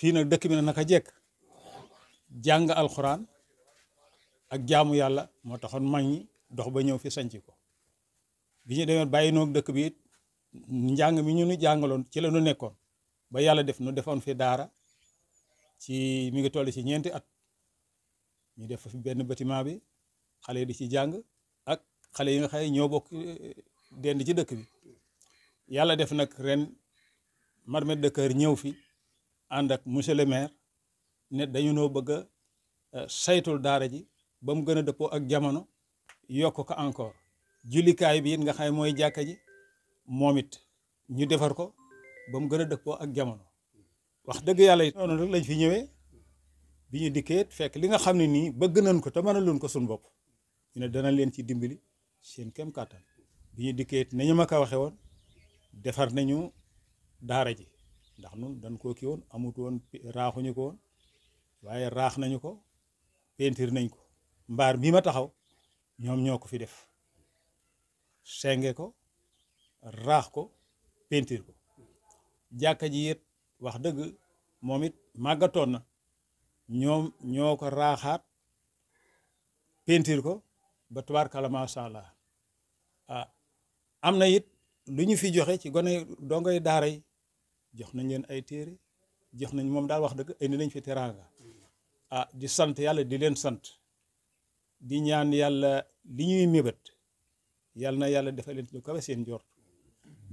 fii nag dëkk bi na a jekk jàng alxuraan ak jaamu yàlla moo taxoon mag dox ba ñëw fi sanc ko bi ñu demee bàyyi noog dëkk bi njàng mi ñu nu jàngaloon ci la nu nekkoon ba yàlla def nu defoon fi daara ci mi ngi toll ci ñeenti at ñu def fi benn bâtiment bi xale yi di ci jàng ak xale yi nga xam ñoo bokk dend ci dëkk bi yàlla def nag ren marmite de cœur ñëw fi ànd ak monsieur le maire ne dañu noo bëgg a euh, saytul daara ji ba mu gën a dëppoo ak jamono yokk ko encore jullikaay bi it nga xam ne mooy jàkka ji moom it ñu defar ko ba mu gën a dëppoo ak jamono wax dëgg yàlla it noonu rek lañ fi ñëwee bi ñu dikkeet fekk li nga xam ne nii bëgg nañ ko te mënaluñ ko suñu bopp ñu ne dana leen ci dimbali seen kem kàttan bi ñu dikkee nañu ma ko waxee woon defar nañu daara ji ndax nun dañ koo kii woon amut woon raaxuñu ko woon waaye raax nañu ko peentir nañ ko mbaar bi ma taxaw ñoom ñoo ko fi def senge ko raax ko peentir ko jàkka ji it wax dëgg moom it màggatoon na ñoom ñoo ko raaxaat peentir ko ba tubaarkalla macha allah ah am na yit lu ñu fi joxe ci gone dongay daara yi jox nañ leen ay téere jox nañ moom daal wax dëgg indi nañ fi teraanga ah di sant yàlla di leen sant di ñaan yàlla li ñuy mébét yàlla na yàlla defal leen lu kawe seen joor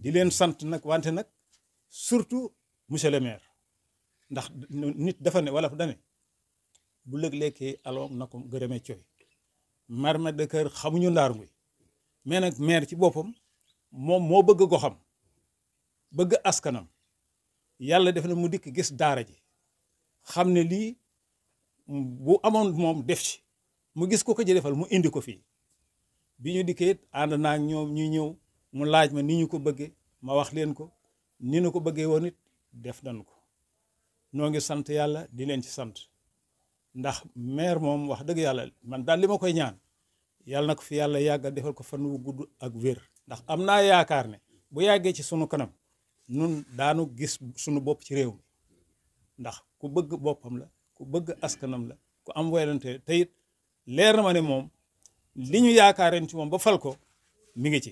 di leen sant nag wante nag surtout monsieur le maire ndax nit dafa ne wala fu dane bu lëg-lekkee aloom na ko gërëme coy marma de kër xamuñu ndaar nguy mais nag maire ci boppam moom moo bëgg goxam bëgg askanam yàlla def na mu dikk gis daara ji xam ne lii bu amoon moom def ci mu gis ko ko ji defal mu indi ko fii bi ñu dikkee ànd naa ñoom ñuy ñëw mu laaj ma ni ñu ko bëggee ma wax leen ko ni nu ko bëggee woon it def nañ ko noo ngi sant yàlla di leen ci sant ndax maire moom wax dëgg yàlla man daal li ma koy ñaan yàlla na ko fi yàlla yàggal defal ko fan wu gudd ak wér ndax am naa yaakaar ne bu yàggee ci sunu kanam nun daanu gis sunu bopp ci réew ndax ku bëgg boppam la ku bëgg askanam la ku am welante te it leer na ma ne moom li ñu yaakaareen ci moom ba fal ko mi ngi ci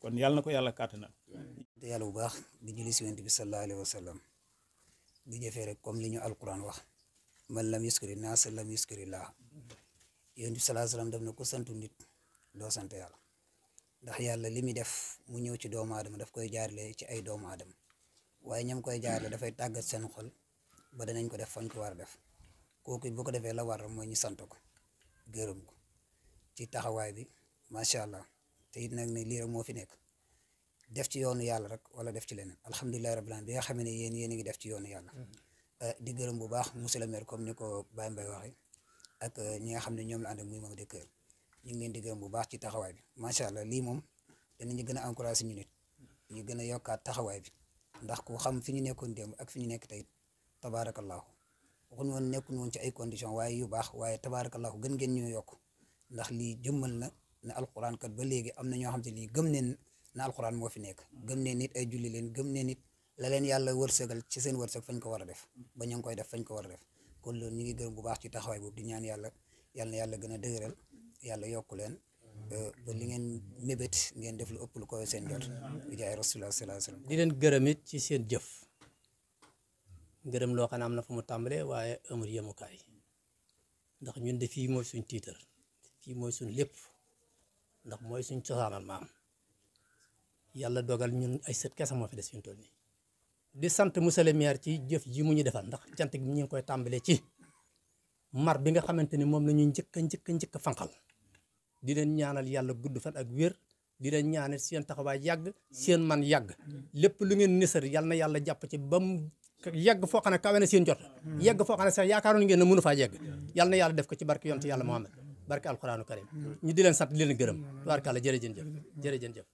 kon yàlla na ko yàlla kàttanal te yàlla bu baax di julli si yonent bi sallallahu alayhi wa sallam di jëfee rek comme li ñu alquran wax man lam yuskuri naasa lam yuskuri laa yonent bi sallallahu alayhi daf na ko santu nit doo sant yàlla ndax yàlla li muy def mu ñëw ci doomu aadama daf koy jaarle ci ay doomu aadama waaye ñam koy jaarle dafay tàggat seen xol ba danañ ko def fañ ko war a def kooku bu ko defee la war mooy ñu sant ko gërëm ko ci taxawaay bi macha allah te it nag ne lii rek moo fi nekk def ci yoonu yàlla rek wala def ci leneen alhamdulilah rabbil alamin bi nga xam ne yéen yéen a ngi def ci yoonu yàlla. Mm-hmm. Euh, di gërëm bu baax monsieur le maire comme ko Baye Mbaye waxee ak euh, ñi nga xam ne ñoom la ànd ak muy moom de kër ñu ngi leen di gërëm bu baax ci taxawaay bi macha allah lii moom danañu gën a encouragé ñu nit ñu gën a yokkaat taxawaay bi ndax ku xam fi ñu nekkoon démb ak fi ñu nekk tey tabaarakallaahu waxuñu woon nekkuñu woon ci ay condition waaye yu baax waaye tabaarakallaahu gën ngeen ñoo yokk ndax lii jëmmal na ne alquran kat ba léegi am na ñoo xam te lii gëm neen na alquran moo fi nekk gëm neen nit ay julli leen gëm neen nit la leen yàlla wërsëgal ci seen wërsëg fañ ko war a def ba ñu ngi koy def fañ ko war def kon loolu ñu ngi gërëm bu baax ci taxawaay boobu di ñaan yàlla yàlla yàlla gën a dëgëral yàlla yokk leen euh, ba li ngeen mébét ngeen def lu ëpp lu koy seen jot di leen gërëm it ci seen jëf gërëm loo xam ne am na fu mu tàmbalee waaye amul yemukaay ndax ñun de fii mooy suñ tiitar fii mooy suñ lépp ndax mooy suñ cosaanal maam dogal ñun ay sët kese moo fi des fi di sant monsieur le maire ci jëf ji mu ñu defal ndax cant gi ñu ngi koy tàmbalee ci mar bi nga xamante ni moom la ñuy njëkk a di leen ñaanal yàlla gudd fan ak wér di leen ñaanal seen taxawaay yàgg seen man yàgg lépp lu ngeen nisar yàlla na yàlla jàpp ci ba mu yàgg foo xam ne kawe seen jot yàgg foo xam ne sax yaakaaroon ngeen ne mënu faa yegg yàlla na yàlla def ko ci barke yonte yàlla Muhammad barke alquranu karim ñu di leen sant di leen gërëm tubaarkàlla jërëjën jëf jërëjën jëf